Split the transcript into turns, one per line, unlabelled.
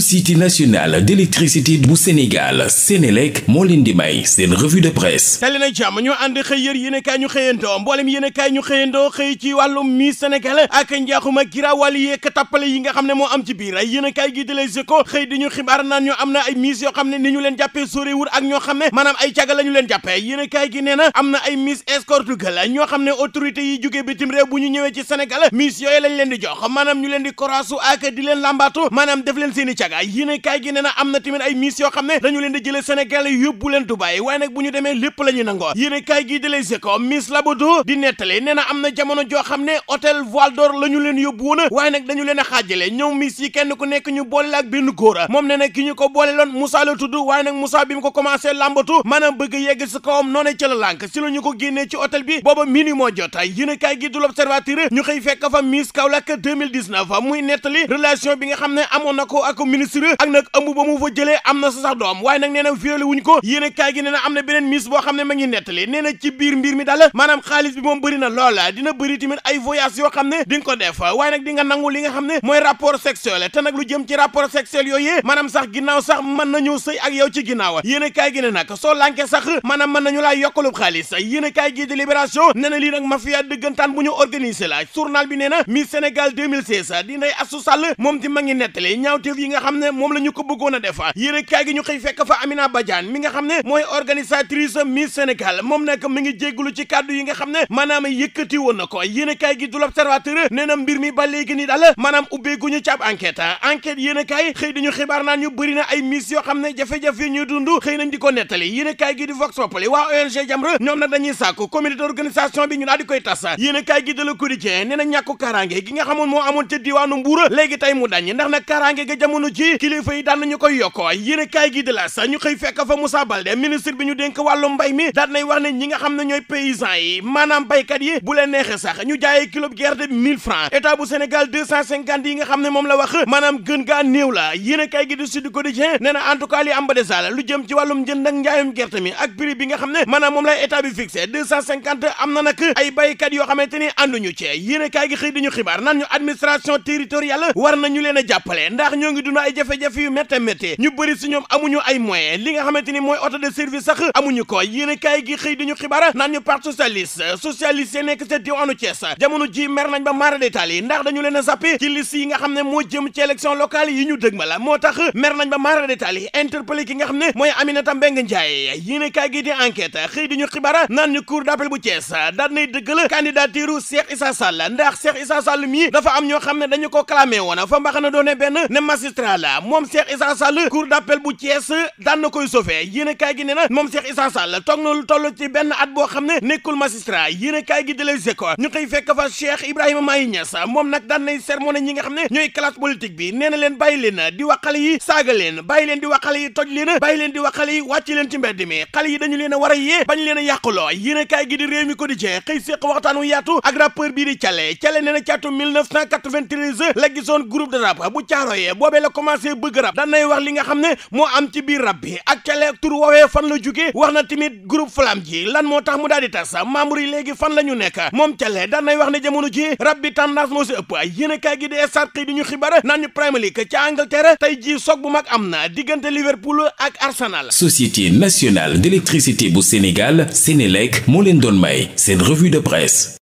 société nationale d'électricité bu Sénégal Sénélec moo leen di may seen revue de presse tali na jàmm ànd xëy yër yéenekaay ñu xëyantoo mboolem yéenekaay ñu xëyantoo xëy ci wàllum Miss Sénégal ak njaaxuma giraawaal yeek tappale yi nga xam ne moo am ci biir ay yéenekaay gi di Les Échos xëy di xibaar naan ñoo am na ay Miss yoo xam ne ni ñu leen jàppee sóoréwur ak ñoo xam ne maanaam ay caga la leen jàppee yéenekaay gi nee am na ay Miss Escortugal Diaga yéene gi nee am na tamit ay miss yoo xam ne dañu leen di jëlee Sénégal yóbbu leen Dubaay waaye nag bu ñu demee lépp la ñu nangoo yéene kaay gi di Les Échos miss Labado di nettali nee na am na jamono joo xam ne hôtel Voile d'Or la ñu leen yóbbu woon waaye nag dañu leen a xaajale ñoom miss yi kenn ku nekk ñu boole ak benn góor a moom nee na ki ñu ko boole loon Moussa la tudd waaye nag Moussa bi mu ko commencé làmbatu maanaam ko ministre ak nag ëmb ba mu fa jëlee am na sa sax doom waaye nag nee na violé wuñ ko yéen a kaay gi nee na am na beneen miss boo xam ne ma ngi nettali nee na ci biir mbir mi daal maanaam xaalis bi moom bëri na lool dina bëri tamit ay voyage yoo xam ne di nga ko def waaye nag di nga nangu li nga xam ne mooy rapport sexuel te nag lu jëm ci rapport sexuel yooyu maanaam sax ginnaaw sax mën nañu sëy ak yow xaalis yéen a kaay gi di libération nga xam ne moom la ñu a def yéenekaay gi ñu xëy fekk fa Amina Badiane mi nga xam ne mbir mi ba léegi ni daal maanaam ubbeeguñu ci ab enquête enquête yéenekaay xëy dañu xibaar naan ñu bëri ay miss yoo xam ne jafe-jafe yi ñuy xëy nañ di ko nettali yéenekaay gi di Vox Populi waa ONG Jamra ñoom nag dañuy sàkku comité d'organisation bi ñu daal koy tas yéenekaay gi de Le Quotidien nee na ñàkku kaaraange gi nga xamoon moo amoon ca diwaanu Mbuur léegi tey mu dañ ndax nag kaaraange ga jamono jamono ji kilifa yi daan nañu koy yokkoo yéene kaay gi di la sa ñu xëy fekk fa Moussa Baldé ministre bi ñu dénk wàllu mbay mi daan nay wax ne ñi nga xam ne ñooy paysans yi maanaam baykat yi bu leen neexee sax ñu jaayee kilo gerte bi francs état bu Sénégal yi nga xam ne moom la wax maanaam gën gaa néew la yéene kaay gi di Sud Quotidien nee na en tout lu jëm ci wàllum njënd ak njaayum gerte mi ak prix bi nga xam ne maanaam moom la état bi fixé am a jàppale na ay jafe-jafe yu métte métte ñu bëri si ñoom amuñu ni mooy ko yéene kaay gi xëy diñu xibaar naan ñu parti socialiste socialiste yi nekk ca yi ndax dañu leen a zappé ci liste nga xam ne moo jëm ci élection locale yi ñu dëg ma la moo tax mer nañ ba mara détaal yi ki nga xam ne mooy Aminata Mbengue Ndiaye yéene kaay gi di enquête xëy diñu xibaar naan ñu cour d'appel bu Thiès daan nay dëggal candidature Cheikh Issa Sall ndax Cheikh Issa Sall dafa am ñoo xam ne dañu ko clamé woon fa mbaxana doone benn ne magistrat international la moom Cheikh Issa Sall cour d'appel bu Thiès daan na koy sauvé yéenekaay gi ne moom Cheikh Issa Sall na lu toll ci benn at boo xam ne nekkul magistrat yéenekaay gi di Les ñu koy fekk fa Cheikh Ibrahima Maye Niass moom nag daan nay sermoné ñi nga xam ne ñooy classe politique bi nee leen bàyyi leen di xale yi saaga leen bàyyi leen di xale yi toj leen bàyyi leen di xale yi wàcc leen ci mbedd mi xale yi dañu leen a war a yee bañ leen a yàquloo commencé bëgg rab danay wax li nga xam ne moo am ci biir rab bi ak cale tur woowee fan la jóge wax na tamit groupe flamme ji lan moo tax mu daal di tas membre yi léegi fan la ñu nekk moom cale danay wax ne jamono ji rab bi tendance moo si ëpp yéen kaay gi di stade xëy di ñu xibaar naan ñu Premier League ca Angleterre tey ji soog bu mag am na diggante Liverpool ak Arsenal. Société nationale d'électricité bu Sénégal Sénélec moo leen doon may seen revue de presse.